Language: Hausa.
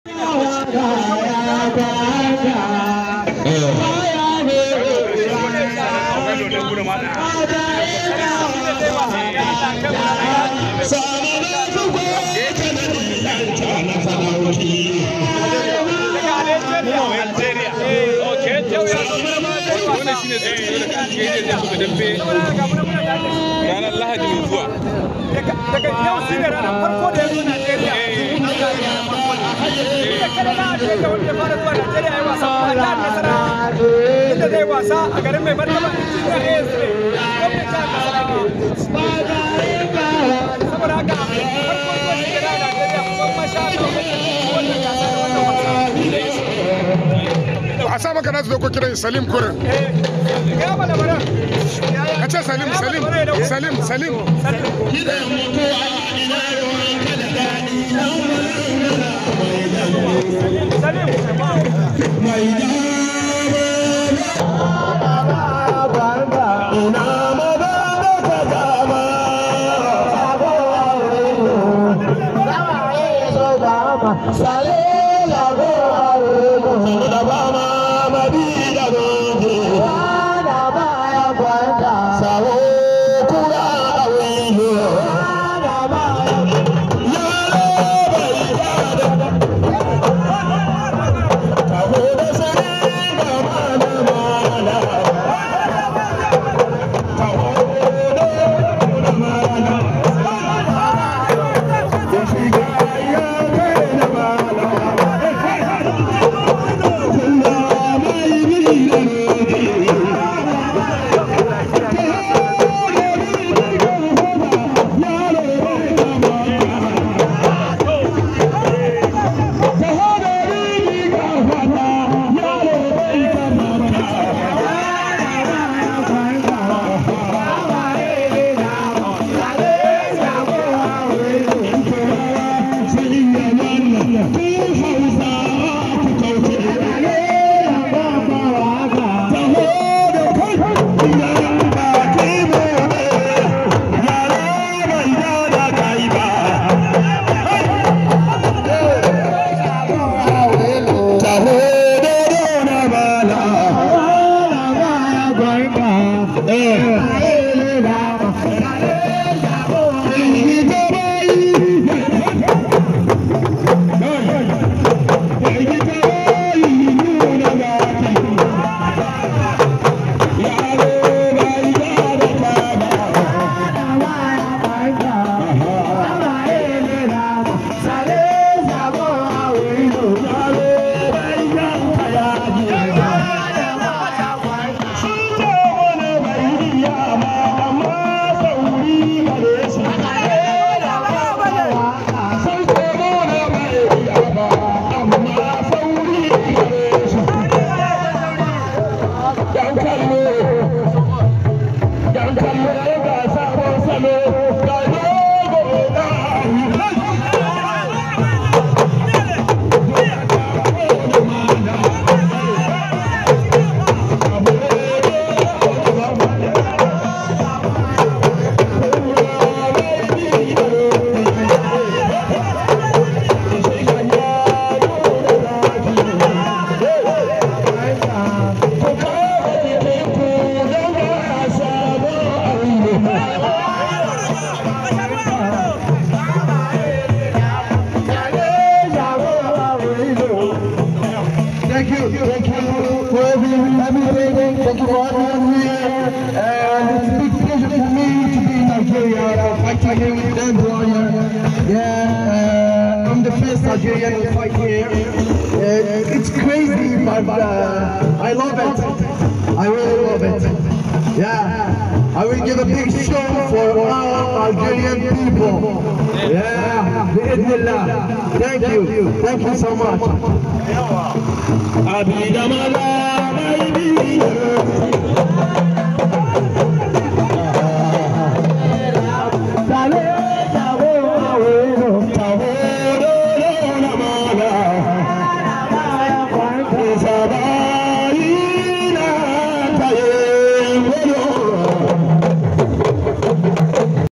ne zai yi da kan ke yadda suka dambe ranar lahadi mai zuwa. Daga yau shi ne ranar farko da ya zo Najeriya. sheka wanda ya fara ya a garin mai kiran Salim Kurin. Eh, Ka ce Salim, Salim, Salim. Salim. Eh. sale la go arego da ma Hey, hey, hey, hey, da ya sa ko salo everything you want on here. And it's a big pleasure for me to be in Nigeria, fighting here with warrior. Yeah, uh, I'm the first Nigerian who fight here. Uh, it's crazy, but uh, I love it. I really love it. Yeah, I will give a big show for all. Algerian people. Yeah, bi'idhnillah. Thank you. Thank you so much. Abidamala, baby.